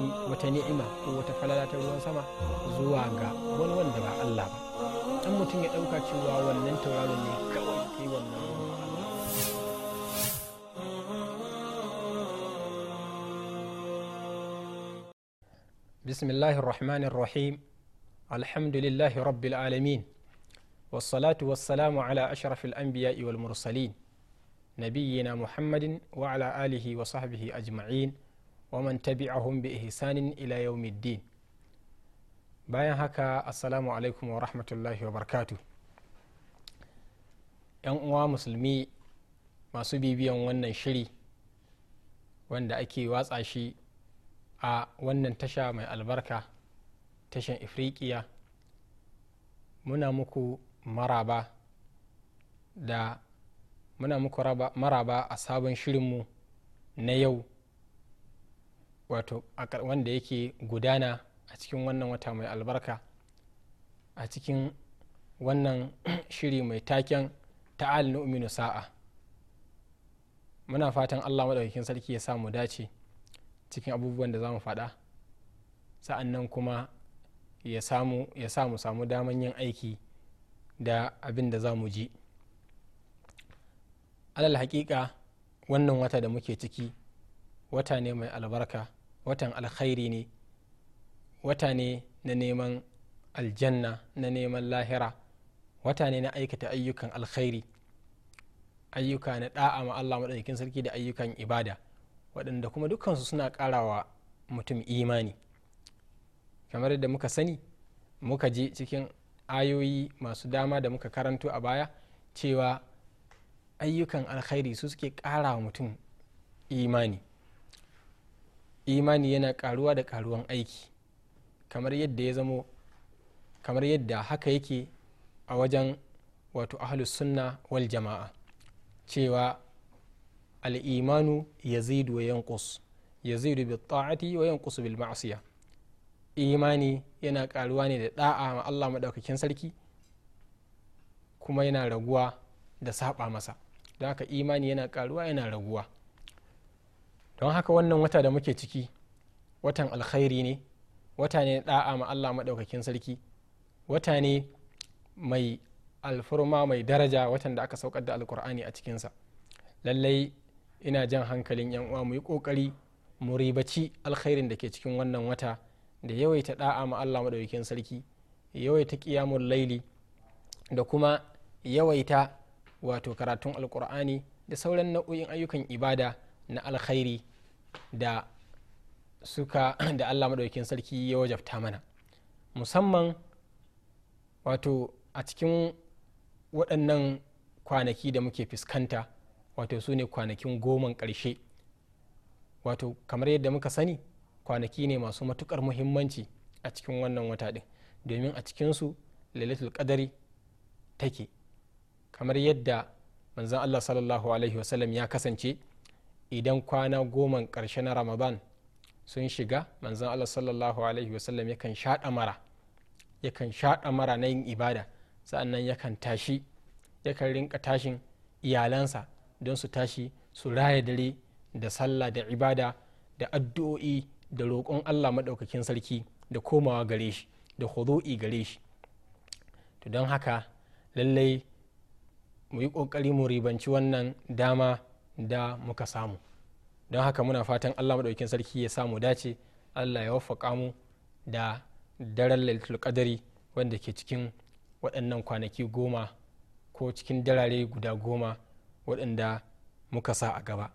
faɗi wata ni'ima ko wata falala ta ruwan sama zuwa ga wani wanda ba Allah ba dan mutum ya ɗauka cewa wannan tauraron ne kawai ke wannan bismillahir rahmanir rahim alhamdulillahi rabbil alamin والصلاة والسلام على أشرف الأنبياء والمرسلين نبينا محمد وعلى آله وصحبه أجمعين waman tabi'ahum bi ihsanin ila yawmiddin bayan haka assalamu alaikum wa rahmatullahi wa barkatu yan uwa musulmi masu bibiyan wannan shiri wanda ake watsa shi a wannan tasha mai albarka tashan ifriqiya muna muku maraba da muna muku maraba a sabon shirinmu na yau wato wanda yake gudana a cikin wannan wata mai albarka a cikin wannan shiri mai taken ta'al nu'minu sa'a muna fatan allah maɗaukakin sarki ya sa mu dace cikin abubuwan da za mu faɗa sa'an nan kuma ya samu ya samu samu daman yin aiki da abin da za mu ji alal haƙiƙa wannan wata da muke ciki wata ne mai albarka watan alkhairi ne wata ne na neman aljanna na neman lahira wata ne na aikata ayyukan alkhairi ayyuka na da'a ma Allah maɗaukakin sarki da ayyukan ibada waɗanda kuma dukansu suna ƙarawa mutum imani kamar da muka sani muka je cikin ayoyi masu dama da muka karanto a baya cewa ayyukan alkhairi su suke ƙarawa mutum imani imani yana karuwa da karuwan aiki kamar yadda ya zamo kamar yadda haka yake a wajen wato ahlus sunna wal jama'a cewa al'imanu ya zidu wa yankus ya zidu bi ta'ati wa yankus bil ma'asiya imani yana karuwa ne da da'a ma Allah madaukakin sarki kuma yana raguwa da saba masa da haka imani yana karuwa yana raguwa don haka wannan wata da muke ciki watan alkhairi ne wata ne da'a ma allah maɗaukakin sarki wata ne mai alfurma mai daraja watan da aka saukar da alkur'ani a cikinsa lallai ina jan hankalin yan uwa mu yi kokari mu ribaci alkhairin da ke cikin wannan wata da yawaita da'a ma allah maɗaukakin sarki yawaita kiyamun laili da kuma yawaita wato karatun alkur'ani da sauran nau'o'in ayyukan ibada na alkhairi da suka da allah maɗaukin sarki ya wajabta mana musamman wato a cikin waɗannan kwanaki da muke fuskanta wato su ne kwanakin goman ƙarshe wato kamar yadda muka sani kwanaki ne masu matukar muhimmanci a cikin wannan wata ɗin domin a cikinsu lailatul ƙadari take kamar yadda manzan allah sallallahu alaihi wasallam ya kasance idan kwana goman ƙarshe na ramadan sun shiga manzan allah sallallahu alaihi wasallam yakan shaɗa mara yakan shaɗa mara na yin ibada sa'annan yakan tashi yakan rinka tashin iyalansa don su tashi su raya dare da sallah da ibada da addu'o'i da roƙon allah maɗaukakin sarki da komawa gare shi da hudu'i gare shi to don haka lallai mu yi ƙoƙari mu ribanci wannan dama da muka samu don haka muna fatan allah maɗaukin sarki ya samu dace allah ya wafa mu da daren lalitul kadari wanda ke cikin waɗannan kwanaki goma ko cikin darare guda goma waɗanda muka sa a gaba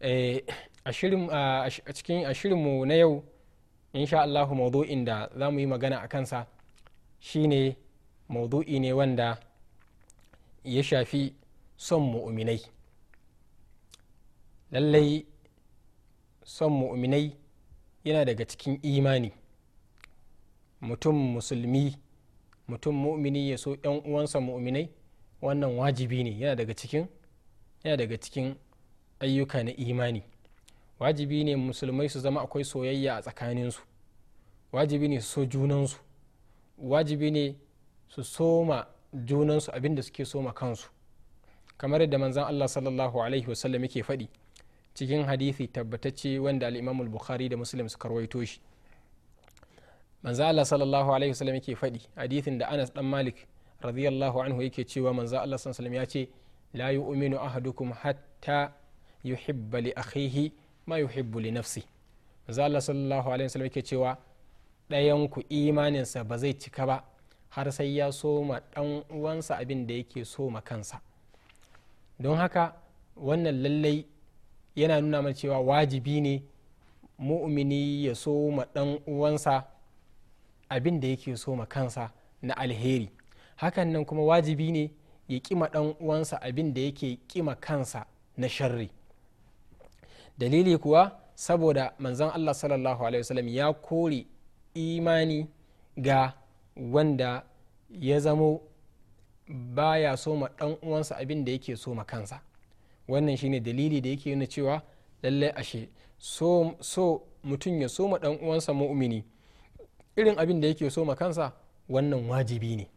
eh, a cikin ashirinmu na yau insha allahu maudu'in da za mu yi magana a kansa shine maudu'i ne wanda ya shafi son mu'uminai lallai son mu'minai yana daga cikin imani mutum musulmi mutum mu'mini ya so yan uwansa mu'minai wannan wajibi ne yana daga cikin yana daga cikin ayyuka na imani wajibi ne musulmai su zama akwai soyayya a tsakaninsu wajibi ne su so junansu wajibi ne su soma junansu abinda suke soma kansu kamar yadda manzan allah sallallahu alaihi wasallam yake faɗi cikin hadithi tabbatacce wanda al'imamul bukhari da muslim suka rawaito shi manzo Allah sallallahu alaihi wasallam yake faɗi hadithin da Anas dan Malik radiyallahu anhu yake cewa manzo Allah sallallahu alaihi wasallam ya ce la yu'minu ahadukum hatta yuhibba li akhihi ma yuhibbu li nafsi manzo Allah sallallahu alaihi wasallam yake cewa ɗayan ku imaninsa ba zai cika ba har sai ya soma dan uwansa abin da yake soma kansa don haka wannan lallai yana nuna mana cewa wajibi ne mu'mini ya so ma dan uwansa abin da yake so ma kansa na alheri hakan nan kuma wajibi ne ya kima dan uwansa abin da yake ƙima kansa na sharri dalili kuwa saboda manzon allah sallallahu alaihi wasallam ya kore imani ga wanda ya zamo baya so ma dan uwansa abin da yake so ma kansa wannan shine dalili da yake nuna cewa lallai ashe so, mutum ya soma dan uwansa mu'mini irin abin da yake soma kansa wannan wajibi ne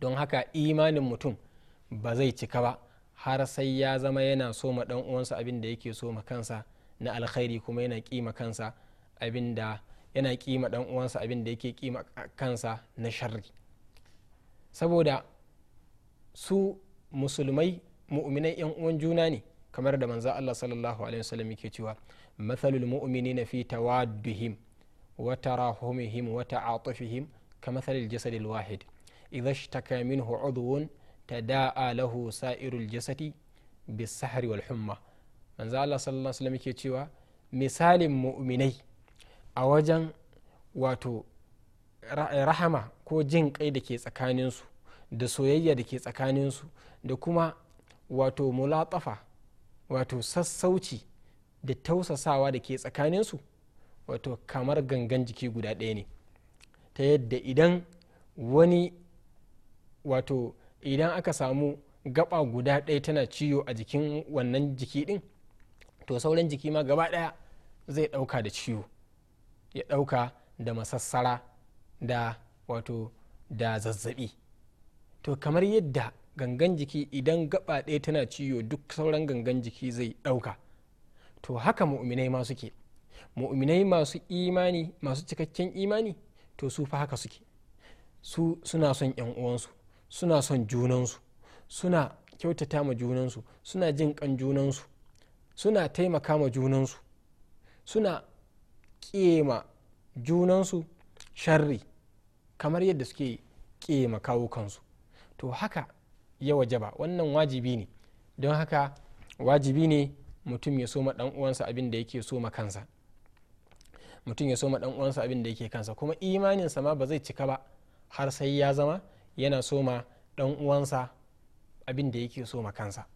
don haka imanin mutum ba zai cika ba har sai ya zama yana soma dan uwansa abin da yake soma kansa na alkhairi kuma yana kima kansa abin da yana kima dan uwansa abin da yake kima kansa na sharri saboda su musulmai mu'minai yan uwan juna ne kamar da manzo Allah sallallahu alaihi wasallam yake cewa mathalul mu'minina fi tawadduhim wa tarahumihim wa ta'atufihim kamathalil jasadil wahid idha ishtaka minhu udwun tada'a lahu sa'irul jasadi bisahri wal humma manzo Allah sallallahu alaihi wasallam yake cewa misalin mu'minai a wajen wato rahama ko jin kai da ke tsakaninsu da soyayya da ke tsakaninsu da kuma wato mulatafa wato sassauci da tausasawa da ke tsakaninsu wato kamar gangan jiki guda ɗaya ne ta yadda idan wani wato idan aka samu gaba guda ɗaya tana ciwo a jikin wannan jiki ɗin to sauran jiki ma gaba ɗaya zai ɗauka da ciwo ya ɗauka da masassara da wato da zazzabi to kamar yadda gangan jiki idan gaba ɗaya tana ciwo duk sauran gangan jiki zai ɗauka to haka mu'minai ma suke mu'minai masu imani masu cikakken imani to su fa haka suke su suna son yan uwansu suna son junansu suna kyautata ma junansu suna jin kan junansu suna taimaka ma junansu suna kema junansu sharri kamar yadda suke kema kawo kansu to haka ya ba wannan wajibi ne don haka wajibi ne mutum ya soma ma uwansa abin da yake soma kansa mutum ya soma ma uwansa abin da yake kansa kuma imaninsa ma ba zai cika ba har sai ya zama yana soma dan uwansa abin da yake soma kansa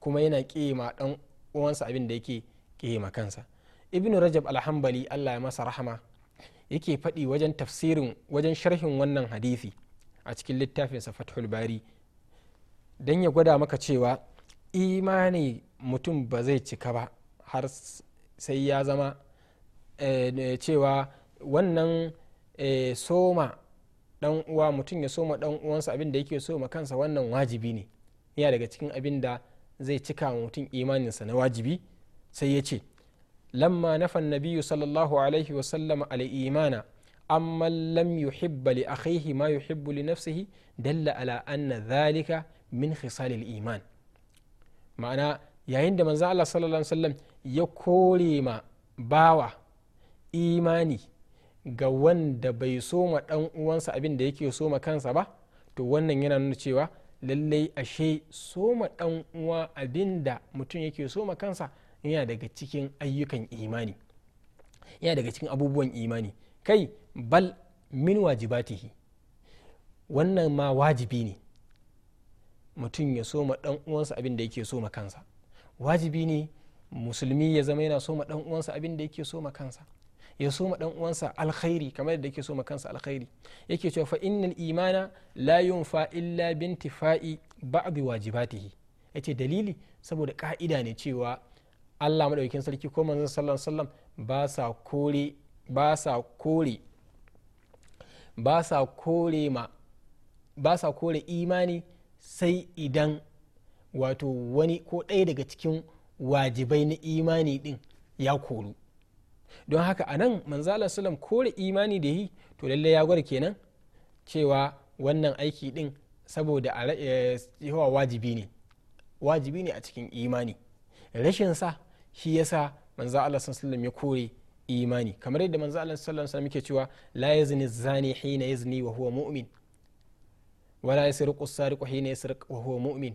kuma yana ma dan uwansa abin da yake ma kansa ibn rajab alhambali allah ya masa rahama yake faɗi wajen tafsirin wajen sharhin wannan hadisi a cikin littafinsa fathul bari don ya gwada maka cewa imani mutum ba zai cika ba har sai ya zama eh, eh, cewa wannan eh, soma dan uwa mutum ya soma dan uwansa abin da yake soma kansa wannan wajibi ne yana daga cikin abin da zai cika mutum imaninsa na wajibi sai ya ce lamma nafa nabiyu sallallahu alaihi wasallam al'imana amma lam yuhibba li akhihi ma yuhibbu li nafsihi dalla ala anna dhalika min khisalil iman ma'ana yayin da manzo Allah sallallahu alaihi wasallam ya kore ma bawa imani ga wanda bai soma dan uwansa abin da yake soma kansa ba to wannan yana nuna cewa lallai ashe soma dan uwa abin da mutum yake soma kansa yana daga cikin ayyukan imani yana daga cikin abubuwan imani kai bal min wajibatihi wannan ma wajibi ne mutum ya soma dan uwansa abin da yake soma kansa wajibi ne musulmi ya zama yana soma dan uwansa abin da yake soma kansa ya soma dan uwansa alkhairi kamar yadda yake soma kansa alkhairi yake cewa fa innal imana la yunfa illa bintifa'i ba'd wajibatihi yace dalili saboda ka'ida ne cewa Allah madaukakin sarki ko manzon sallallahu alaihi ba sa kore ba sa kore ba sa kore ma ba sa kore imani sai idan wato wani ko ɗaya daga cikin wajibai na imani ɗin ya koru don haka a nan manzala sulam kore imani da yi to lallai ya gwada kenan cewa wannan aiki ɗin saboda a yawa eh, wajibi ne wajibi ne a cikin imani rashin sa shi yasa manzo Allah sallallahu ya kore imani kamar yadda manzo Allah sallallahu alaihi wasallam yake cewa la yazni zani hina yazni wa huwa mu'min wala yasriqu sariqu hina yasriqu wa huwa mu'min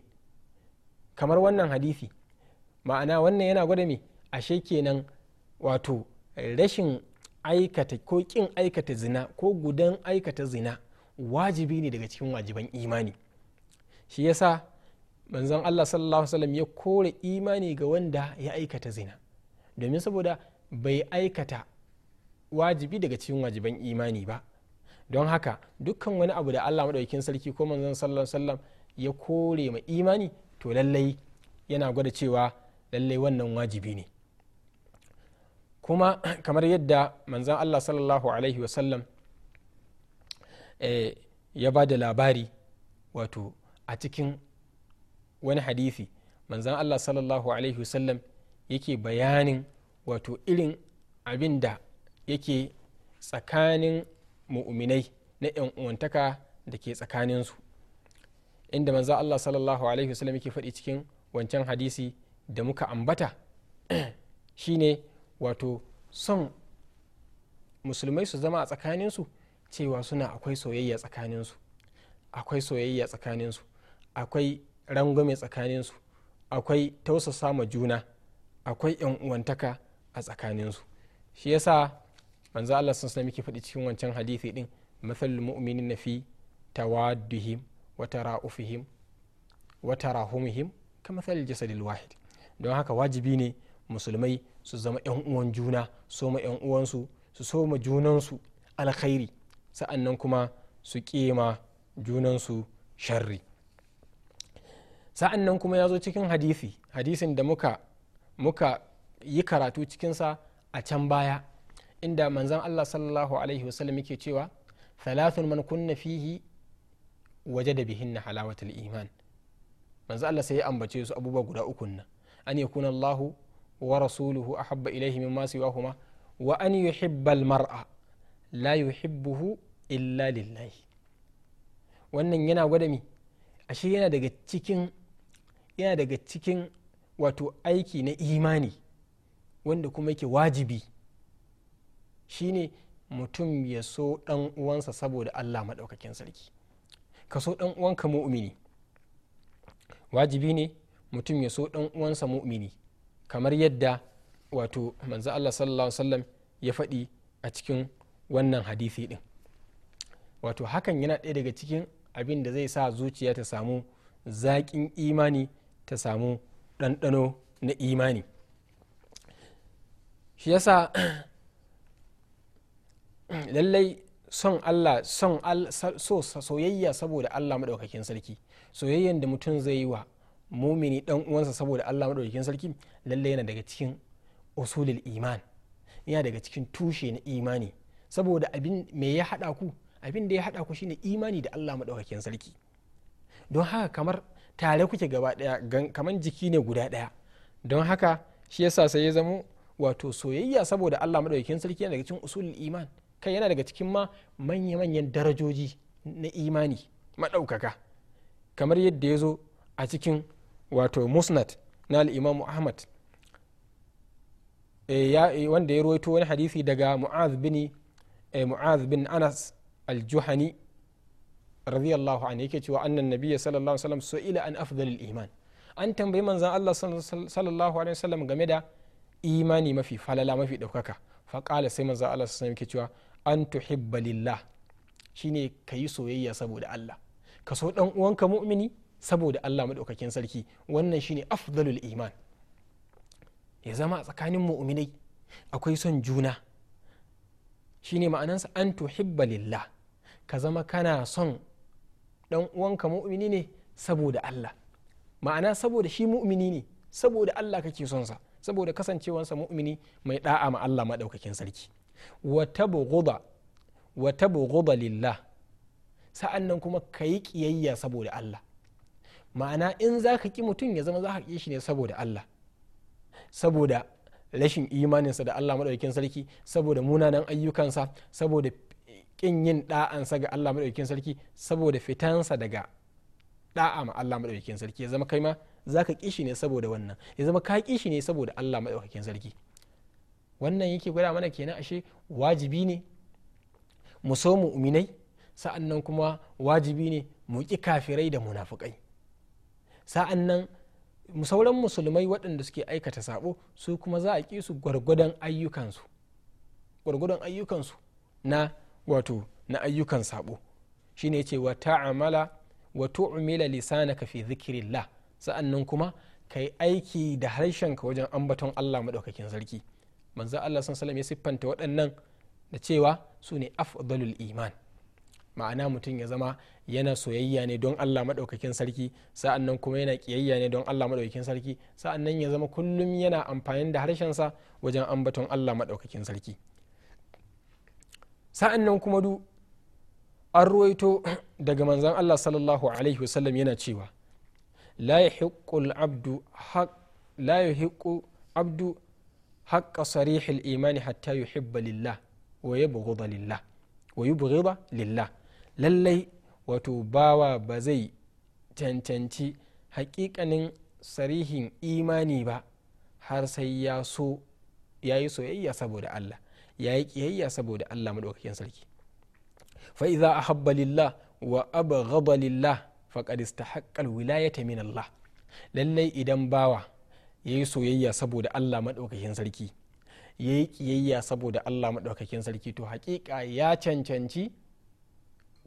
kamar wannan hadisi ma'ana wannan yana gwada me ashe kenan wato rashin aikata ko kin aikata zina ko gudan aikata zina wajibi ne daga cikin wajiban imani shi yasa manzon Allah sallallahu wasallam ya kore imani ga wanda ya aikata zina domin saboda bai aikata wajibi daga cikin wajiban imani ba don haka dukkan wani abu da allah maɗaukin sarki ko manzon sallallahu sallam ya kore ma imani to lallai yana gwada cewa lallai wannan wajibi ne kuma kamar yadda manzan allah sallallahu alaihi wasallam eh, ya ba da labari wato a cikin wani hadithi manzan allah sallallahu alaihi wasallam yake bayanin wato irin abin da yake tsakanin muuminai na 'yan uwantaka da ke tsakaninsu inda manzo Allah sallallahu alaihi wasallam yake faɗi cikin wancan hadisi da muka ambata shine wato son musulmai su zama a tsakaninsu cewa suna akwai soyayya tsakaninsu akwai soyayya tsakaninsu akwai rangwame tsakaninsu akwai tausasa ma juna akwai 'yan uwantaka a tsakaninsu shi yasa manzo Allah sun sallama yake faɗi cikin wancan hadisi din mathal na fi tawadduhim wa tara'ufihim wa tarahumihim ka mathal jasadil wahid don haka wajibi ne musulmai su zama yan uwan juna so ma yan uwansu su so ma junansu alkhairi sa'annan kuma su kema junansu sharri sa'annan kuma ya zo cikin hadisi hadisin da muka muka yi karatu cikin sa a can baya inda manzan Allah sallallahu alaihi wasallam yake cewa thalathun man kunna fihi waje da bihinna halawatul iman manzan Allah sai ya ambace su abubuwa guda ukun nan an yakuna Allahu wa rasuluhu ahabba ilaihi mimma siwahuma wa an yuhibbal mar'a la yuhibbuhu illa lillahi wannan yana gwada mi ashe yana daga cikin yana daga cikin wato aiki na imani wanda kuma yake wajibi shine mutum ya so dan uwansa saboda Allah maɗaukakin sarki ka so dan uwanka mu'mini wajibi ne mutum ya so dan uwansa mu'mini kamar yadda wato manzo Allah sallallahu alaihi wasallam ya faɗi a cikin wannan hadisi din wato hakan yana ɗaya daga cikin abin da zai sa zuciya ta samu zaƙin imani ta samu ɗanɗano na imani shi yasa lallai son Allah son so soyayya saboda Allah madaukakin sarki soyayyan da mutum zai yi wa mumini dan uwansa saboda Allah madaukakin sarki lallai yana daga cikin usulul iman yana daga cikin tushe na imani saboda abin me ya hada ku abin da ya hada ku shine imani da Allah madaukakin sarki don haka kamar tare kuke gaba daya kamar jiki ne guda daya don haka shi yasa sai ya zamo wato soyayya saboda Allah madaukakin sarki yana daga cikin usulul iman kai yana daga cikin ma manya-manyan darajoji na imani maɗaukaka kamar yadda ya zo a cikin wato musnad na al'imamu ahmad e, e, wanda ya ruwaito wani hadisi daga mu'az e, bin anas al-juhani radiyallahu anhu yake cewa annan nabiyya sallallahu alaihi wasallam su'ila an afdalil iman an tambayi manzan Allah sallallahu alaihi wasallam game da imani mafi falala mafi ɗaukaka fa sai manzan Allah sallallahu alaihi wasallam yake cewa an tuhibba lillah shine ka yi soyayya saboda Allah ka so dan uwanka mu'mini saboda Allah madaukakin sarki wannan shine afdalul iman ya zama a tsakanin mu'minai akwai son juna shine ma'anansa an tuhibba lillah ka zama kana son dan uwanka mu'mini ne saboda Allah ma'ana saboda shi mu'mini ne saboda Allah kake son sa saboda kasancewansa mu'mini mai da'a ma Allah madaukakin sarki wa tabghuda lillah sa'an nan kuma ka yi ƙiyayya saboda Allah ma'ana in za ka ƙi mutum ya zama za ka ƙi shi ne saboda Allah saboda rashin imaninsa da Allah maɗaukin sarki saboda munanan ayyukansa saboda ƙin yin ɗa'ansa ga Allah maɗaukin sarki saboda fitansa daga ɗa'a ma Allah maɗaukin sarki ya zama kai ma za ka ƙi shi ne saboda wannan ya zama ka ƙi shi ne saboda Allah maɗaukakin sarki wannan yake gwada mana kenan ashe wajibi ne mu so mu uminai sa'an nan kuma wajibi ne mu ƙi kafirai da munafukai sa'an nan sauran musulmai waɗanda suke aikata sabo su kuma za a ƙi su gwargwadon ayyukansu na wato na ayyukan sabo ne ce wa ta'amala wa tu'mila lisanaka fi la sa'an nan kuma ka yi aiki da harshenka wajen ambaton Allah maɗaukakin sarki manzo Allah salam ya siffanta waɗannan da cewa su ne afdalul iman ma'ana mutum ya zama yana soyayya ne don Allah maɗaukakin sarki sa'an nan kuma yana ƙiyayya ne don Allah maɗaukakin sarki sa'an nan ya zama kullum yana amfani da harshensa wajen ambaton Allah maɗaukakin sarki sa'an nan kuma du an ruwaito daga manzan Allah sallallahu alaihi wasallam yana cewa la yahiqqu abdu haqqa sarihil imani hatta yuhibba lillah wa lillah lallai wato bawa ba zai cancanci hakikanin sarihin imani ba har sai ya so ya soyayya saboda Allah ya yi kiyayya saboda Allah maɗaukakin sarki fa idza ahabba lillah wa abghada lillah faqad istahaqqa alwilayata min Allah lallai idan bawa ya yi soyayya saboda allah maɗaukakin sarki ya yi ƙiyayya saboda allah maɗaukakin sarki to haƙiƙa ya cancanci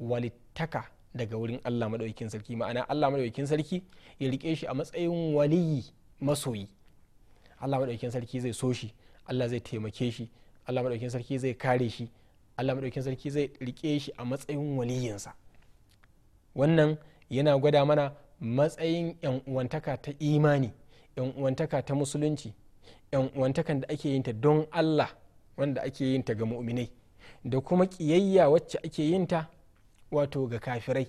walittaka daga wurin allah maɗaukakin sarki ma'ana allah maɗaukakin sarki ya riƙe shi a matsayin waliyi masoyi allah maɗaukakin sarki zai so shi allah zai taimake shi allah maɗaukakin sarki zai kare shi allah maɗaukakin sarki zai riƙe shi a matsayin waliyinsa wannan yana gwada mana matsayin 'yan uwantaka ta imani yan uwantaka ta musulunci yan uwantakan da ake yinta don Allah wanda ake yin ta ga mu'minai da kuma kiyayya wacce ake yin ta wato ga kafirai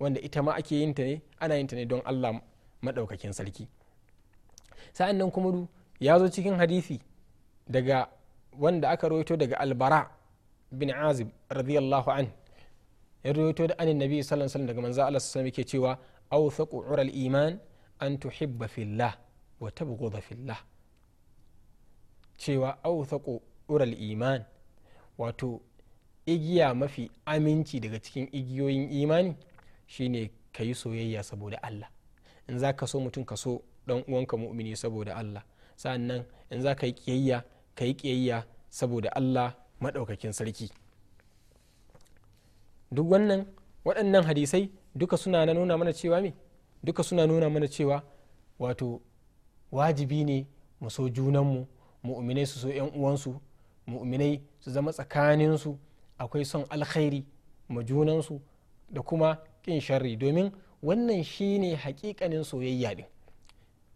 wanda ita ma ake yin ta ne ana yin ta ne don Allah madaukakin sarki sa'an nan kuma du ya zo cikin hadisi daga wanda aka rawaito daga albara bin azib radiyallahu an ya rawaito da anin nabi sallallahu alaihi wasallam daga manzo Allah sallallahu alaihi wasallam yake cewa awthaqu ural iman an tuhibba fillah wa tabghudha fillah cewa awthaqu ural iman wato igiya mafi aminci daga cikin igiyoyin imani shine ka yi soyayya saboda Allah in za ka so mutum ka so dan uwanka mu'mini saboda Allah sannan in za ka yi kiyayya ka yi kiyayya saboda Allah maɗaukakin sarki duk wannan waɗannan hadisai duka suna nuna mana cewa wato wajibi ne mu so junanmu mu'minai su so yan uwansu mu'minai su zama tsakaninsu akwai son alkhairi ma junansu da kuma kin sharri domin wannan shine hakikanin soyayya din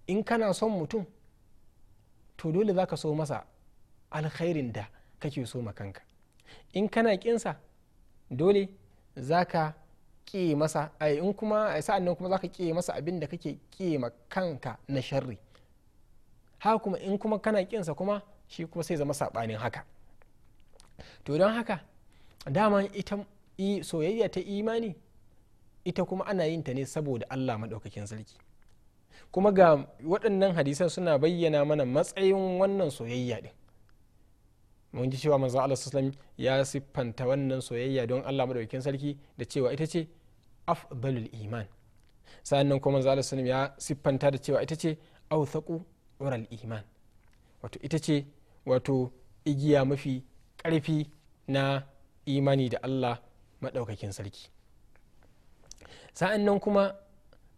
in kana son mutum to dole za so masa alkhairin da kake so ma kanka in kana kinsa dole za ka ƙi masa in kuma sa'an nan kuma za ka ƙi masa abin da kake ƙi ma kanka na sharri ha kuma in kuma kana kinsa kuma shi kuma sai zama sabanin haka to don haka dama ita soyayya ta imani ita kuma ana yin ta ne saboda allah maɗaukakin sarki kuma ga waɗannan hadisan suna bayyana mana matsayin wannan soyayya ɗin mun ji cewa manzo Allah sallam ya siffanta wannan soyayya don Allah madaukakin sarki da cewa ita ce afdalul iman sannan kuma manzo Allah sallam ya siffanta da cewa ita ce awthaqu dural iman wato ita ce wato igiya mafi ƙarfi na imani da allah maɗaukakin sarki sa'an nan kuma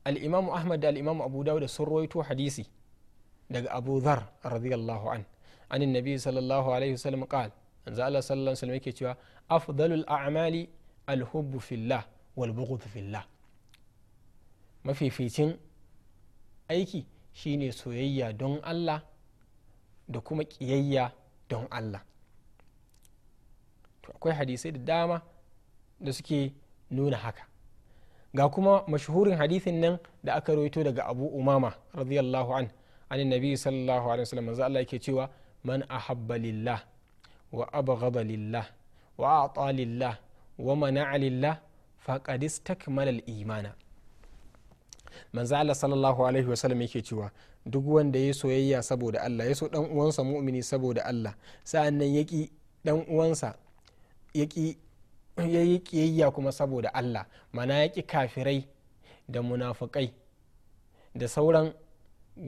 al'imamu ahmad da al'imamu abu dawud da sun rawaito hadisi daga abu dhar radiyallahu an anin nabi sallallahu alaihi wasallam qal manzo allah sallallahu alaihi wasallam yake cewa afdalul a'mali alhubbu fillah wal bughd fillah mafificin aiki shine soyayya don allah da kuma ƙiyayya don allah to akwai hadisai da dama da suke nuna haka ga kuma mashahurin hadithin nan da aka rawaito daga abu umama radiyallahu an an nabi sallallahu alaihi wasallam manzo Allah yake cewa man ahabba lillah wa abghada lillah wa a'ta lillah wa mana'a lillah faqad istakmala al-imana manzo Allah sallallahu alaihi wa sallam yake cewa duk wanda ya soyayya saboda Allah ya so dan uwansa mu'mini saboda Allah sa'annan ya ki dan uwansa ya ki kiyayya kuma saboda Allah mana ya kafirai da munafikai da sauran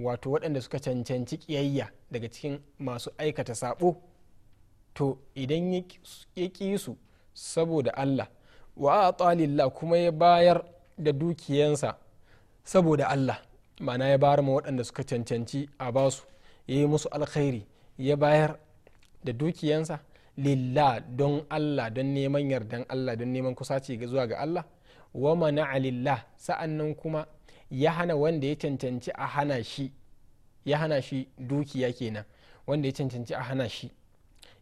wato waɗanda suka cancanci kiyayya daga cikin masu aikata sabo to idan ya ki su saboda Allah wa a kuma ya bayar da dukiyansa saboda allah ma'ana ya bayar ma waɗanda suka cancanci a basu ya yi musu alkhairi ya bayar da dukiyansa lillah don allah don neman yardan allah don neman kusa kusaci zuwa ga allah wa mana sa'an nan kuma ya hana wanda ya cancanci a hana shi ya hana shi dukiya kenan wanda ya cancanci a hana shi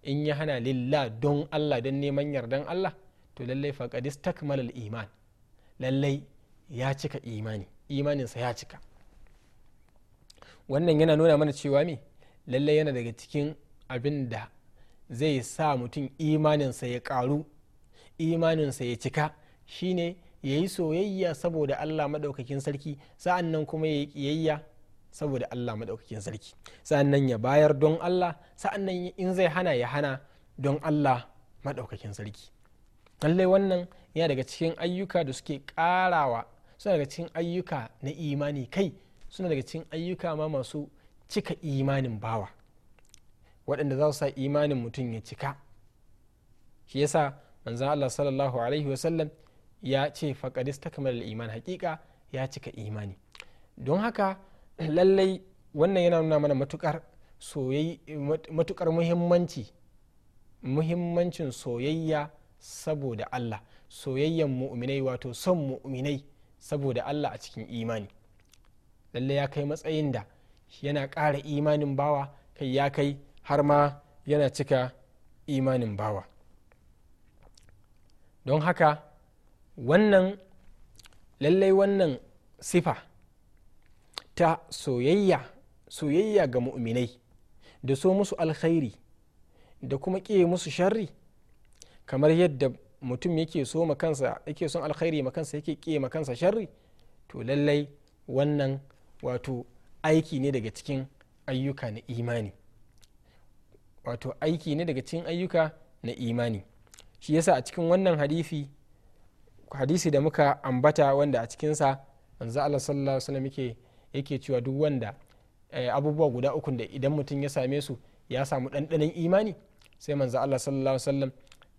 in ya hana lillah don allah don neman yardan allah to lallai faƙadis takmalal iman lallai ya cika imani imaninsa ya cika wannan yana nuna mana cewa me lallai yana daga cikin abin da zai sa mutum imaninsa ya karu imaninsa ya cika shine ya yi soyayya saboda allah maɗaukakin sarki sa'an kuma ya yi ƙiyayya saboda allah maɗaukakin sarki sa'an ya bayar don allah sa'an in zai hana ya hana don allah maɗaukakin sarki lallai wannan yana daga cikin ayyuka da suke ƙarawa suna daga cikin ayyuka na imani kai suna daga cikin ayyuka ma masu cika imanin bawa waɗanda za su sa imanin mutum ya cika shi yasa manzan Allah sallallahu alaihi wasallam ya ce faƙadis ta kamar iman hakika ya cika imani don haka lallai wannan yana nuna mana matukar matukar muhimmanci muhimmancin soyayya saboda Allah soyayyan mu'minai wato son mu'minai saboda allah a cikin imani lalle ya kai matsayin da yana ƙara imanin bawa kai ya kai har ma yana cika imanin bawa don haka wannan lallai wannan sifa ta soyayya soyayya ga mu'minai da so musu alkhairi da kuma ƙe musu sharri kamar yadda mutum yake so kansa yake son alkhairi makansa yake ƙi makansa sharri to lallai wannan wato aiki ne daga cikin ayyuka na imani wato aiki ne daga cikin ayyuka na imani shi yasa a cikin wannan hadisi hadisi da muka ambata wanda a cikinsa manzo Allah sallallahu alaihi wasallam yake cewa duk wanda eh, abubuwa guda uku da idan mutum ya same su ya samu ɗanɗanon imani sai manzo Allah sallallahu alaihi wasallam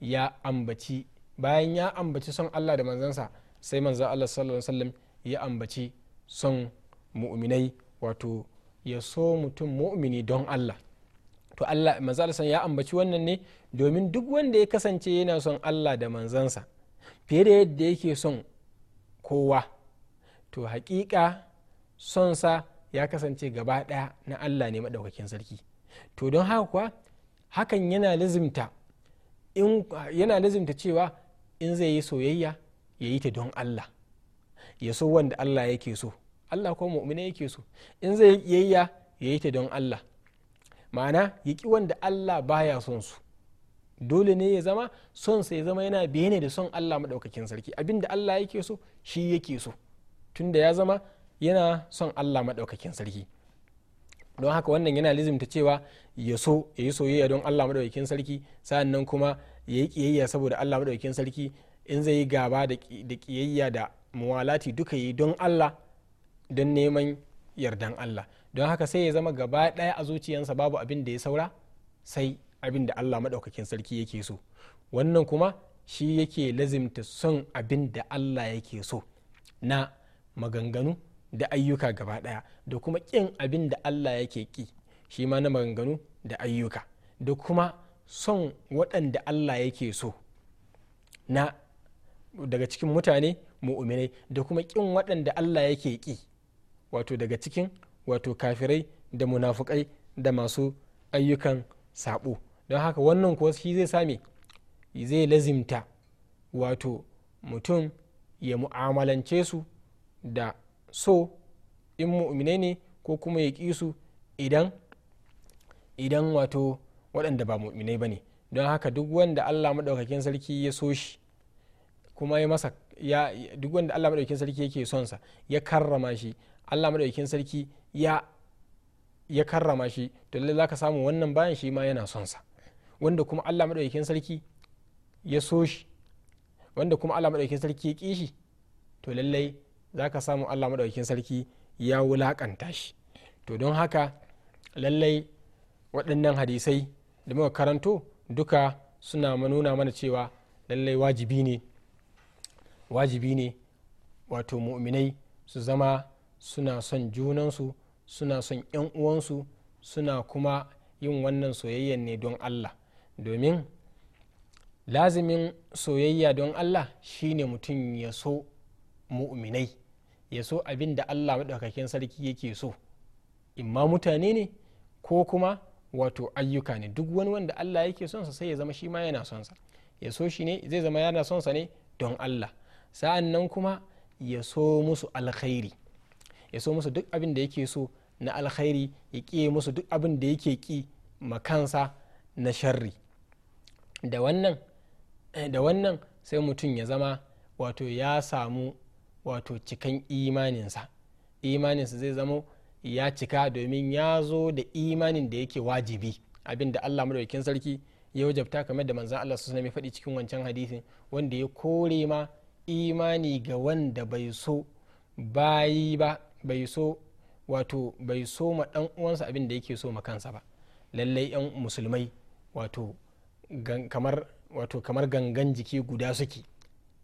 ya ambaci bayan ya ambaci son Allah da manzansa sai manzan Allah sallallahu alaihi wasallam ya ambaci son mu'minai wato ya so mutum mu'mini don Allah to Allah manzan Allah ya ambaci wannan ne domin duk wanda ya kasance yana son Allah da manzansa fiye da yadda yake son kowa to hakika sa ya kasance gaba ɗaya na Allah ne maɗaukakin sarki to don haka kuwa hakan yana lazimta yana lazimta cewa in zai yi soyayya ya yi ta don allah ya so wanda allah yake so allah ko mu'mina yake so in zai yi kiyayya ya yi ta don allah ma'ana ya ki wanda allah baya son su dole ne ya zama son sa ya zama yana biye ne da son allah maɗaukakin sarki abin da allah yake so shi yake so tunda ya zama yana son allah maɗaukakin sarki don haka wannan yana lizimta cewa ya so ya yi soyayya don allah maɗaukakin sarki sa'an kuma ya yi kiyayya saboda allah maɗaukin sarki in zai yi gaba da kiyayya da muwalati duka yi don allah don neman yardan allah don haka sai ya zama gaba ɗaya a zuciyansa babu abin da ya saura sai abin da allah maɗaukakin sarki yake so wannan kuma shi yake lazimta son abin da allah yake so na maganganu da ayyuka gaba ɗaya da kuma ƙin abin da allah yake ƙi shi ma na maganganu da ayyuka da kuma son waɗanda allah yake so na daga cikin mutane mu'uminai da kuma ƙin waɗanda allah yake ƙi wato daga cikin wato kafirai da munafukai da masu ayyukan saɓo don haka wannan kuwa shi zai same zai lazimta wato mutum ya mu'amalance su da so in mu'uminai ne ko kuma ya ƙi su idan wato waɗanda ba mu'minai ba ne don haka duk wanda Allah maɗaukakin sarki ya so shi kuma ya masa ya duk wanda Allah maɗaukakin sarki yake son sa ya karrama shi Allah maɗaukakin sarki ya ya karrama shi to lallai zaka samu wannan bayan shi ma yana son sa wanda kuma Allah maɗaukakin sarki ya so shi wanda kuma Allah maɗaukakin sarki ya ƙi shi to lallai zaka samu Allah maɗaukakin sarki ya wulakanta shi to don haka lallai waɗannan hadisai da muka karanto duka suna nuna mana cewa lallai wajibi ne wajibi ne wato mu'minai su zama suna son junansu suna son 'yan uwansu suna kuma yin wannan soyayyan ne don allah domin lazimin soyayya don allah shine mutum ya so mu'minai ya so abin da allah maɗaukakin sarki yake so imma mutane ne ko kuma wato ayyuka ne duk wani wanda Allah yake son sa sai ya zama shi ma yana son sa ya so shi ne zai zama yana son sa ne don Allah sa'an nan kuma ya so musu alkhairi ya so musu duk abin da yake so na alkhairi ya ƙi musu duk abin da yake ƙi makansa na sharri da wannan eh, da wannan sai mutum ya zama wato ya samu wato cikan imaninsa imaninsa zai zama ya cika domin ya zo da imanin da yake wajibi abin da allah madaukakin sarki ya wajabta kamar da manzan allah su mai faɗi cikin wancan hadisin wanda ya kore ma imani ga wanda bai so bayi ba bai so wato bai so ma dan uwansa abin da yake so ma kansa ba lallai yan musulmai wato kamar wato kamar gangan jiki guda suke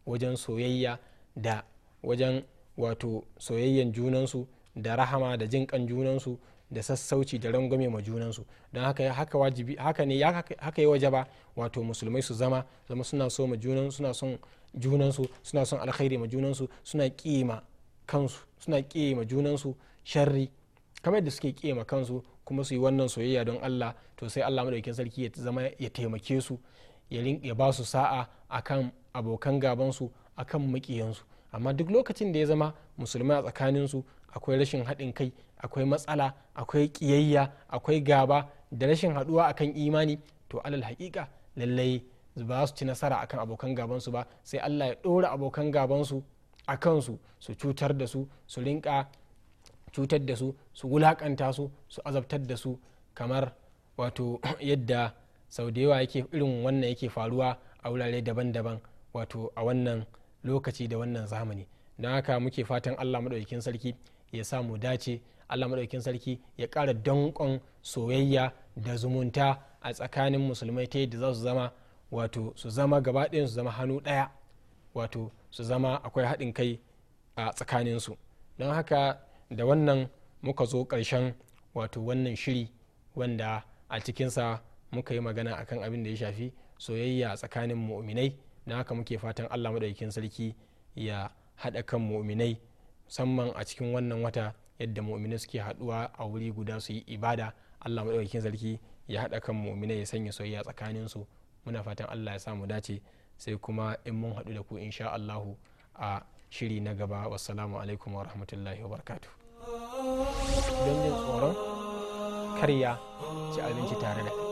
wajen soyayya da wajen wato soyayyan junansu da rahama da jin kan junansu da sassauci da rangwame ma junansu don haka haka wajibi haka ne haka yi wajaba wato musulmai su zama zama suna so ma junansu suna son alkhairi ma junansu suna kima kansu suna kima junansu sharri kamar yadda suke kima kansu kuma su yi wannan soyayya don Allah to sai Allah madaukin sarki ya zama ya taimake su ya ba su sa'a akan abokan gabansu akan makiyansu amma duk lokacin da ya zama musulmai a tsakaninsu akwai rashin haɗin kai akwai matsala akwai ƙiyayya akwai gaba da rashin haɗuwa akan imani to alal haƙiƙa lallai ba su ci nasara akan abokan gabansu ba sai allah ya ɗora abokan gabansu a kansu su cutar da su su rinka cutar da su su wulaƙanta su su azabtar da su kamar wato yadda sau da yawa yake irin wannan yake faruwa a wurare daban-daban wato a wannan lokaci da wannan zamani don haka muke fatan allah maɗaukin sarki ya sa mu dace allah maɗaukin sarki ya ƙara danƙon soyayya da zumunta a tsakanin musulmai ta yadda za su zama wato su zama gaba ɗaya su zama hannu ɗaya wato su zama akwai haɗin kai a tsakaninsu don haka da wannan muka zo ƙarshen wato wannan shiri wanda a cikinsa muka yi magana akan abin da ya shafi soyayya a tsakanin muuminai don haka muke fatan allah maɗaukin sarki ya haɗa kan mu'uminai musamman a cikin wannan wata yadda mu'minai suke haduwa a wuri guda su yi ibada allah maɗaukakin sarki ya haɗa kan mu'minai ya sanya soyayya tsakanin su muna fatan allah ya sa mu dace sai kuma in mun haɗu da ku insha allahu a shiri na gaba wassalamu alaikum wa rahmatullahi wa barakatu don jin tsoron karya ci abinci tare da kai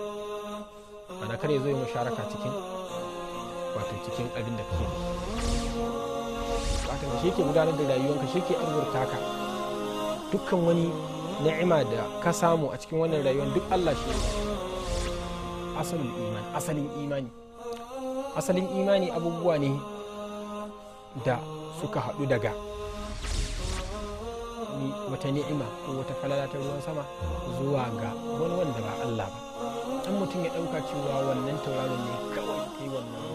ana kare zai musharaka cikin wato cikin abin da kake bukata ka shi ke gudanar da rayuwanka shi ke arzurta ka dukkan wani na'ima da ka samu a cikin wannan rayuwar duk Allah shi asalin imani asalin imani asalin imani abubuwa ne da suka haɗu daga wata ni'ima ko wata falala ta ruwan sama zuwa ga wani wanda ba Allah ba dan mutum ya ɗauka cewa wannan tauraron ne kawai kai wannan